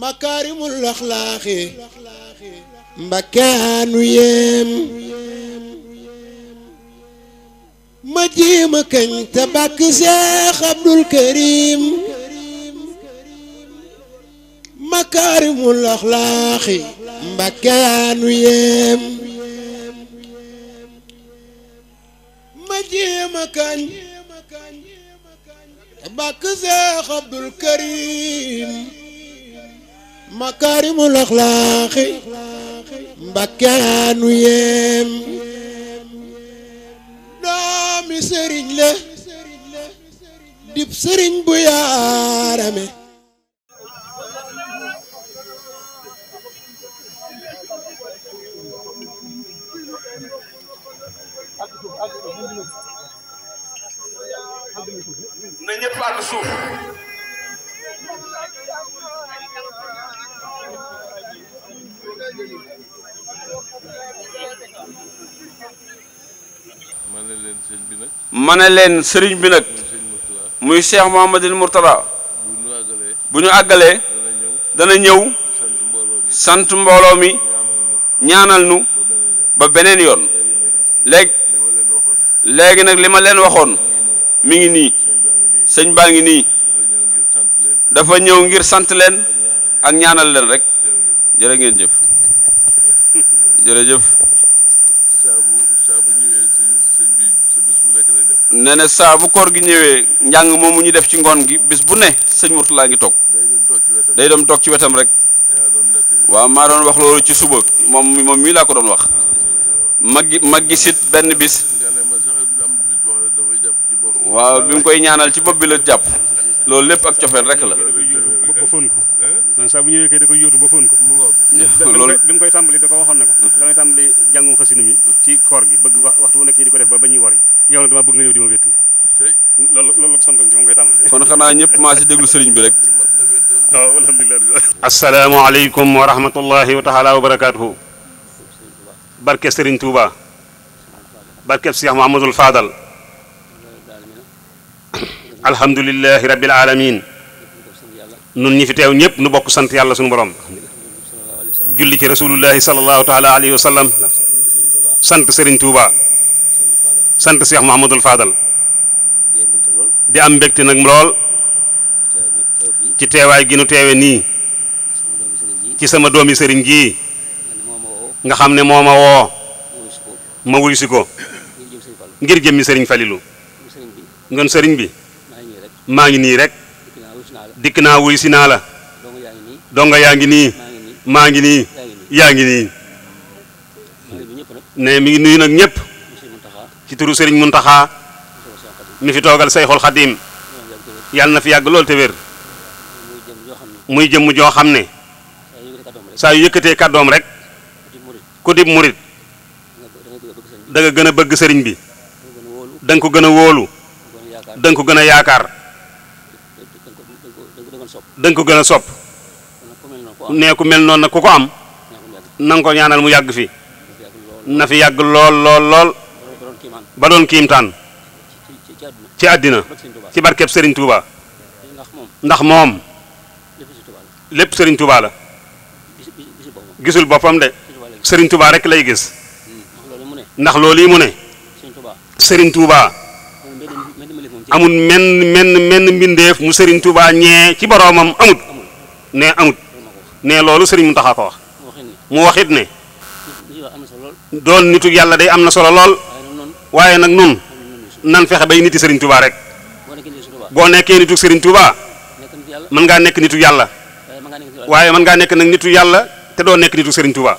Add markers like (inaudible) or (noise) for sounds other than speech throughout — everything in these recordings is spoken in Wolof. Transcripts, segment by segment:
makaarimul axlaaxi mbakkaanu yem ma jéema kañ te bàkk Seex Abdul Karim makaarimul axlaaxi mbakkaanu yem ma jéema kañ te bàkk Seex Abdul Karim makaarimul axlaaxi mbakkaanu yeem doomi sëriñ la dib sëriñ bu yaarame ma ne leen sëriñ bi nag muy Cheikh Mouhamadul Mourtada bu ñu àggalee dana ñëw sant mbooloo mi ñaanal nu ba beneen yoon léegi nag li ma leen waxoon mi ngi nii sëñ baa ngi nii dafa ñëw ngir sant leen ak ñaanal leen rek jërë ngeen nee na saa bu koor gi ñëwee njàng mu ñu def ci ngoon gi bis bu ne sëñ laa ngi toog day doon toog ci wetam rek waa maa doon wax loolu ci suba moom moom mii laa ko doon wax mag gi ma gisit benn bis waaw bi mu koy ñaanal ci bopp bi la jàpp loolu lépp ak cofeel rek la fóon ko noonu saa bu ñëwee kay da koy yóotu ba fóon ko (laughs) bi mu koy tàmbali da ko waxoon ne ko damay tàmbali jàngum xasida mi ci koor gi bëgg waxtu wu nekk ñi di ko def ba ba ñuy wari yow nag dama bëgg nga ñëw di ma wéttali loolu loolu la ko santoon ci ma koy tàmbali kon xanaa ñëpp maa si déglu sëriñ bi rek (laughs) (laughs) waaw alhamdulilah asalaamu aleykum wa rahmatullahi wa taala wa barakaatuhu barke sëriñ Touba barkeb Cheikh Mahamadul Fadal alhamdulilahi rabbil alamin nun ñi fi teew ñëpp nu bokk sant yàlla suñu borom julli ci rasulullahi sallallahu taala alayhi wa sallam sant Serigne Touba sant seex Mouhamadul Fadal di am mbégte nag lool ci teewaay gi nu teewe nii ci sama doomi sëriñ gii nga xam ne moo ma woo ma wuy ko ngir jëmmi sëriñ Falilu ngeen sëriñ bi maa ngi nii rek dikk naa wuy si naa la donga yaa ngi nii maa ngi nii yaa ngi nii ne mi ngi nag ñëpp ci turu mun Mountakha mi fi toogal Sayxul Xadim yàlla na fi yàgg loolu te wér muy jëmm joo xam ne saa yu yëkkatee kàddoom rek ku dib murit da gën a bëgg sëriñ bi da ko gën a wóolu da nga ko gën a yaakaar da ko gën a sopp nee ku mel noon nag ku ko am na ko ñaanal mu yàgg fi na fi yàgg lool lool lool ba doon kiimtaan ci àddina ci barkeb Serigne Touba ndax moom lépp Serigne Touba la gisul boppam de Serigne Touba rek lay gis ndax lool yi mu ne Serigne Touba. amul menn menn menn mbindeef mu sëriñ Touba ñee ci boroomam amut ne amut ne loolu sëriñ Muntaxa ko wax mu waxit ne doon nitu yàlla day am na solo lool waaye nag nun nan fexe bay niti sëriñ Touba rek boo nekkee nitu sëriñ Touba man ngaa nekk nitu yàlla waaye mën ngaa nekk nag nitu yàlla te doo nekk nitu sëriñ Touba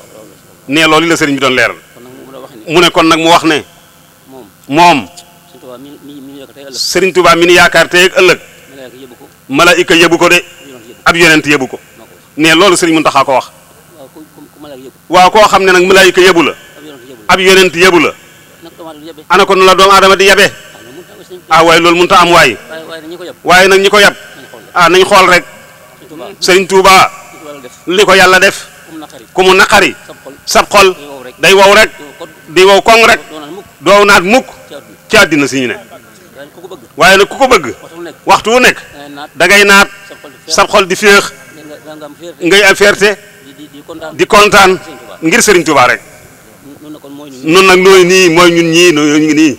ne loolu la sëriñ bi doon leeral mu ne kon nag mu wax ne moom sëriñ Tuubaa mi ni yaakaar tey ak ëllëg malaayika yëbu ko de ab yonent yëbu ko ne loolu sëriñ Muntaxa ko wax waaw koo xam ne nag malaayika yëbu la ab yonent yëbu la ana ko nu la doomu aadama di yabe ah, ah waaye loolu mënut a am waay waaye nag ñi ko yab ah nañ xool rek ah, sëriñ Tuubaa li ko yàlla def ku mu naqari sab xol day wow rek di wow koŋ rek doow naat mukk ci àddina si ñu ne waaye nag ku ko bëgg waxtu wu nekk da ngay naat sab xol di féex ngay am fierté di kontaan ngir Serigne Touba rek noonu nag nooy nii mooy ñun ñii ñu ngi nii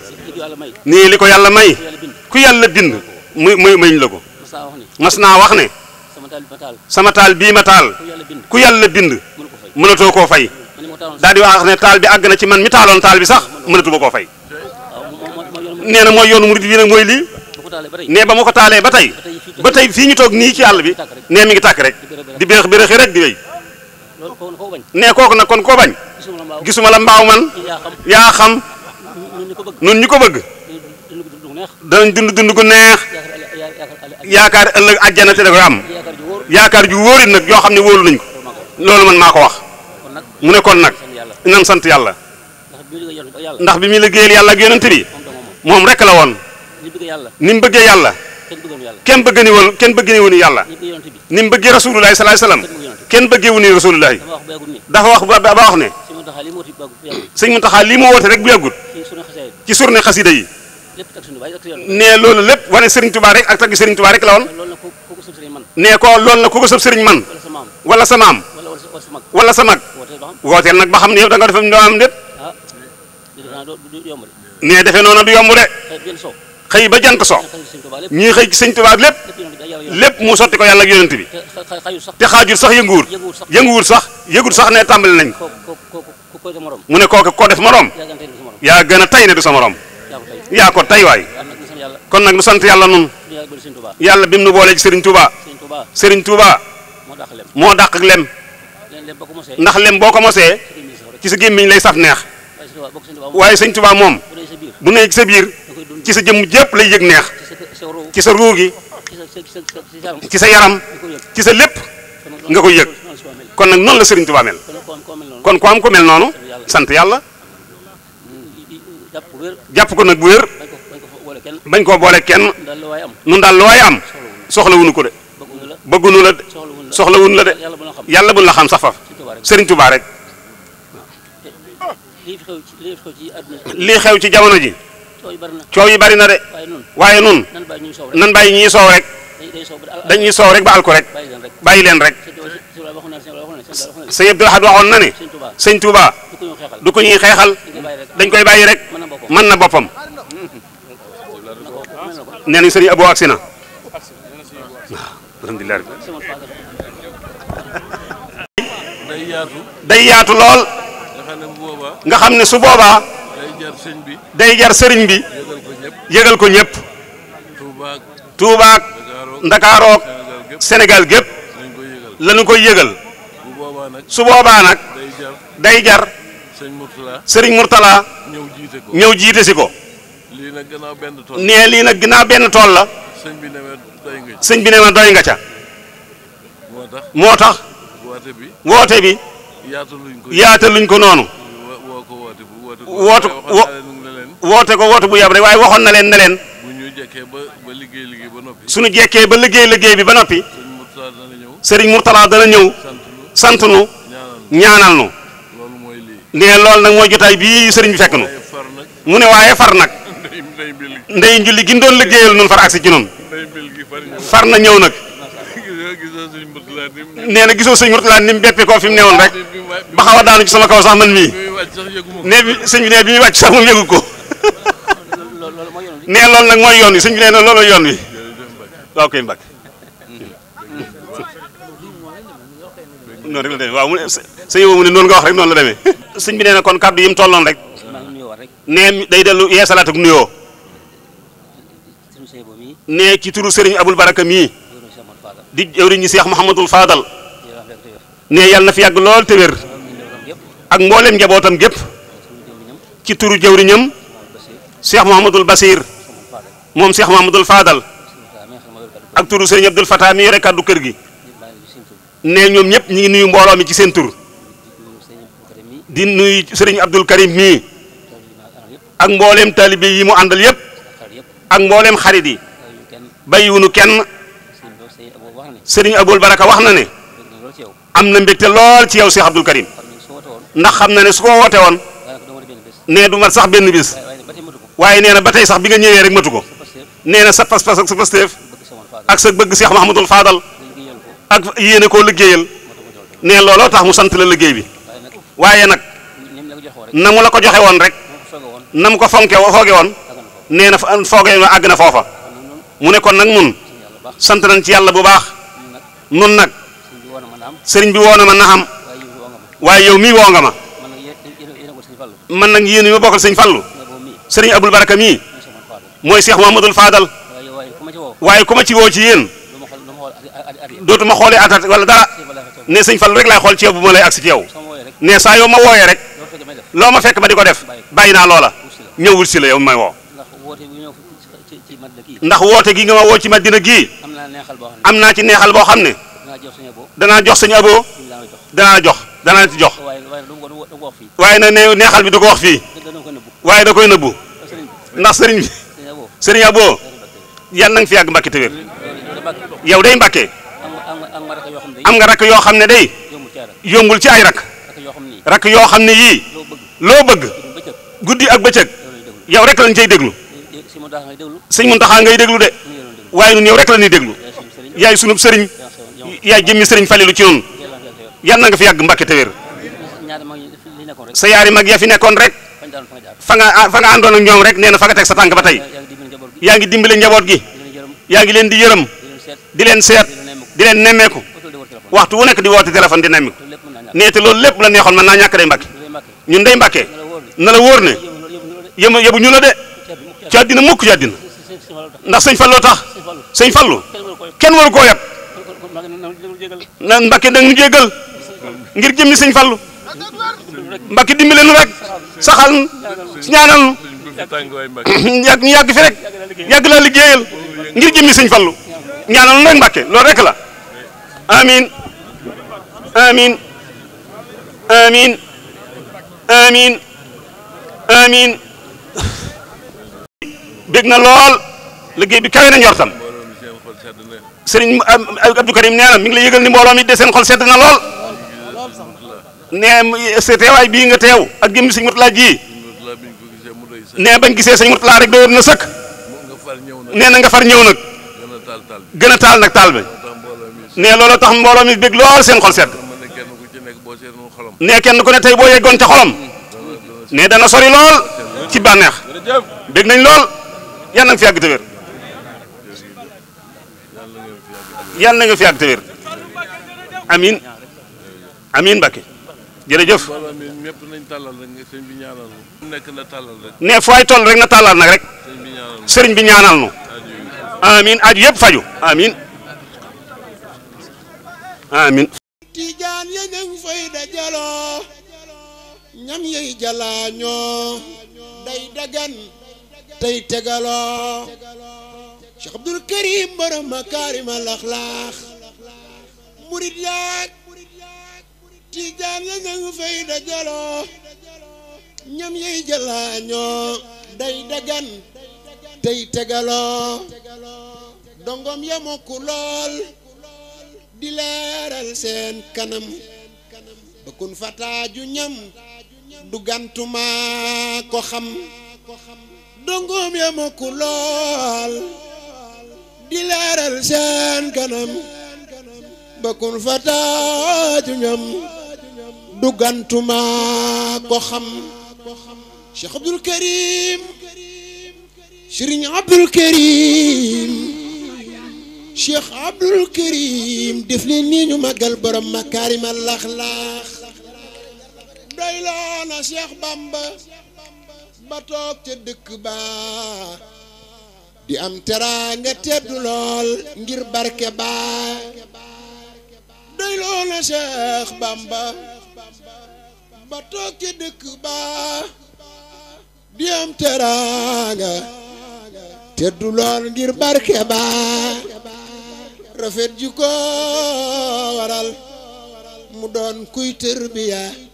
nii li ko yàlla may ku yàlla bind muy muy mañ la ko mas naa wax ne sama taal bii ma taal ku yàlla bind mënatoo koo fay daal di wax ne taal bi àgg na ci man mi taaloon taal bi sax mënatu ba koo fay nee na mooy yoonu murid wi nag mooy lii ne ba ma ko taalee ba tey ba tey fii ñu toog nii ci àll bi nee mi ngi tàkk rek di bérex béréxi rek di wéy nee kooku nag kon koo bañ gisuma la mbaaw man yaa xam nun ñu ko bëgg danañ dund dund gu neex yaakaar ëllëg àjjana te da koy am yaakaar ju wóorit nag yoo xam ne wóolu nañ ko loolu man maa ko wax mu ne kon nag nan sant yàlla ndax bi muy liggéeyal yàlla ak yonent bi moom rek la woon. ni mu bëggee yàlla ni mu bëggee kenn bëgg ni woon kenn bëgg ni woon yàlla. ni mu bëggee rasulullahi salaay salaam. kenn bëggee wu ni rasulullahi. dafa wax ba wax ne. sëñ Muntaxa lii mu woote rek bu yàggut. ci surne xasida yi. ne loolu lépp wane Serigne Touba rek ak tagg Serigne Touba rek la woon. nee ko loolu nag ku ko sëb Serigne man. wala sa maam. wala sa mag. wooteel nag ba xam ne yow da nga def am ndoo am déet. Ah, ah, nee defe noonu du yomb de xëy ba jant so ñii xëy ci sëñ Tuubaa lépp lépp mu sotti ko yàlla ak yonent bi te xaajul sax yënguwul yënguwul sax yëgul sax ne tàmbali nañ mu ne kooku ko def moroom yaa gën a tay ne du sa moroom yaa ko tay waay kon nag nu sant yàlla nun yàlla bi mu nu boolee ci sëriñ Tuubaa sëriñ Tuubaa moo dàq ak lem ndax lem boo ko mosee ci sa gémmiñ lay saf neex waaye sëñ Tuubaa moom bu ne ci sa biir ci sa jëmm jépp lay yëg neex ci sa ruu gi ci sa yaram ci sa lépp nga ko yëg kon nag noonu la sëriñ Tuubaa mel kon ku am ko mel noonu sant yàlla jàpp ko nag bu wér bañ koo boole kenn nun daal lu waay am soxlawuñu ko de bëggunu la de soxlawuñu la de yàlla bu la xam sax faf sëriñ Tuubaa rek lii xew ci lii xew ci àdduna lii xew ci jamono ji. coow yi bari na coow yi bari na de. waaye nun nan bàyyi ñuy soow rek. dañuy soow rek ba alko rek. bàyyi leen rek. sëñ Abdul Ahad waxoon na ne. sëñ Touba. du ko ñuy xeexal. dañ koy bàyyi rek. mën na boppam. nee nañ sëñ Abo agsi na. waaw alhamdulilah. day yaatu lool. nga xam ne su boobaa day jar sëriñ bi yëgal ko ñëpp tuubaak ndakaarook Sénégal gépp lañu koy yëgal su boobaa nag day jar sëriñ Murtala ñëw jiite si ko nee lii nag ginnaaw benn tool la sëñ bi ne ma doy nga ca moo tax woote bi yaata luñ ko noonu woote woote ko woote bu yab rek waaye waxoon na leen ne leen. bu ñu jekkee ba ba liggéey liggéey ba noppi. suñu jekkee bi ba noppi. Serigne Mourtala dana ñëw. sant nu ñaanal nu. nee loolu nag mooy jotaay bii sëriñ bi fekk nu mu ne waaye far nag ndey njulli gi doon liggéeyal noonu far agsi ci noonu far na ñëw nag (laughs) nee na gisoo sëriñ Mourtala ni mu beppe koo fi mu newoon rek ba xaw a daanu ci sama kaw sax man mii nee bi sëñ bi nee bi wàcc sax moom yëgu ko (laughs) nee loolu nag mooy yoon wi sëñ bi nee na loolu yoon wi waaw koy mbag (laughs) noonu rek la demee waaw mu sëñ boobu ne noonu nga wax rek noonu la demee (laughs) sëñ bi nee na kon kàddu yi mu tolloon rek nee day dellu yeesalaat ak nuyoo nee ci turu sëriñ abul baraka mii di jëwriñ ñi seex Mouhamadul Fadal nee yàlla na fi yàgg lool te ak mbooleem njabootam gépp ci turu jëwriñam Cheikh Mouhamadul Basir moom seex Mouhamadul Fadal ak turu sëriñ Abdul Fatah mi yore kàddu kër gi ne ñoom ñëpp ñu ngi nuyu mbooloo mi ci seen tur di nuyu sëriñ Abdul Karim mii ak mbooleem taalibe yi mu àndal yëpp ak mbooleem xarit yi bàyyiwunu kenn sëriñ Abul Baraka wax na ne am na mbégte lool ci yow seex Abdul Karim ndax xam na ne su ko wootee woon nee du mat sax benn bis waaye nee na ba tey sax bi nga ñëwee rek matu ko nee na sa pas-pas ak sa pasteef ak sa bëgg Seex Mahamadul Faadal ak yéene koo liggéeyal nee looloo tax mu sant la liggéey bi waaye nag na mu la ko joxe woon rek na ko fonke fooge woon nee na fooge ma àgg na foofa mu ne kon nag mun sant nañ ci yàlla bu baax nun nag sëriñ bi woon na ma na xam waaye yow mii woo nga ma man nag yéen yi ma bokkal sëñ Fallu sëriñ Abdul Baraka mii mooy Cheikh Mouhamadoul Fadal waaye ku ma ci woo ci yéen dootuma xoolee atat wala dara ne sëñ Fallu rek laay xool ci yow bu ma lay agsi ci yow ne saa yow ma wooyee rek loo ma fekk ma di ko def bàyyi naa loola ñëw wut si la yow may woo ndax woote gi nga ma woo ci Madina gii am naa ci neexal boo xam ne danaa jox sëñ Abo danaa jox dana ci jox waaye nag nee neexal bi du ko wax fii waaye da koy nëbbu ndax sëriñ bi sëriñ yal na nga fi yàgg Mbàkke te wér yow day Mbàkke am nga rakk yoo xam ne day yombul ci ay rakk rakk yoo xam ne yii loo bëgg guddi ak bëccëg yow rek lañ cay déglu sëñ Muntaxa ngay déglu de waaye ñun yow rek la ñuy déglu yaay sunub sëriñ yaay jëmmi sëriñ Falilu ci noonu yan na fi yàgg Mbàkke te wér sa yaari mag ya fi nekkoon rek fa nga ah, fa nga àndoon ak ñoom rek nee na fa nga teg sa tànk ba tey yaa ngi dimbale njaboot gi yaa ngi leen di yërëm di leen seet di leen nemmeeku waxtu wu nekk di woote téléphone di nemmeeku nee te loolu lépp la neexoon man naa ñàkk day mbàkke ñun day mbàkke na la wóor ne yëmu yëbu ñu la de ci àddina mukk ci àddina ndax sëñ falloo tax sëñ fallu kenn waru koo yab na mbàkke nag nu jégal ngir jëmmi sëñ Fallu Mbàkke dimbale nu rek saxal ñaanal nu (clears throat) yàgg fi rek ngir jëmmi sëñ Fallu ñaanal nu rek Mbàkke loolu rek la amin amin amin amin amin bég na lool liggéey bi kawe na njortam sëriñ Abdou Karim nee na mi ngi lay ni mbooloo mi de xol sedd na lool nee sa teewaay bii nga teew ak jëmmi sëñ Murtala ji nee bañ gisee sañ Murtala rek doyoon na sëkk nee na nga far ñëw nag gën a taal nag taal bi nee loolu tax mbooloo mi bég lool seen xol sedd nee kenn ko ne tey boo yeggoon ca xolam nee dana sori lool ci bànneex bég nañ lool yal na nga fi yàgg te wér na nga fi yàgg te wér amiin jërëjëf ne fooy toll rek na tàllal nag rek sëriñ bi ñaanal nu amin aju yëpp faju amin amin tijaan ya ñañ fay dajaloo ñam yey jalaañoo day dagan tey tegaloo Cheikh Abdul Karim borom makaarimal axlaax murit yaak tiijaan ya nga fay da joloo ñam yey jëlaañoo day dagan tey tegaloo dongom ya mokku lool di leeral seen kanam bëkkun fataaju ñam du ko xam dongoom ya mokku lool di leeral seen kanam bëkkun fataaju ñam duggantuma ko xam Cheikh Abdoul Karim Serigne Abdoul Karim Cheikh Abdoul Karim def leen ñu magal borom makaarima lax-lax doy loo na Cheikh Bamba ba toog ca dëkk ba di am teraanga teddu lool ngir barke ba doy loo na Cheikh Bamba ba toog dëkk ba di teraanga te lool ngir barke ba rafet ji ko waral mu doon kuy tërbiya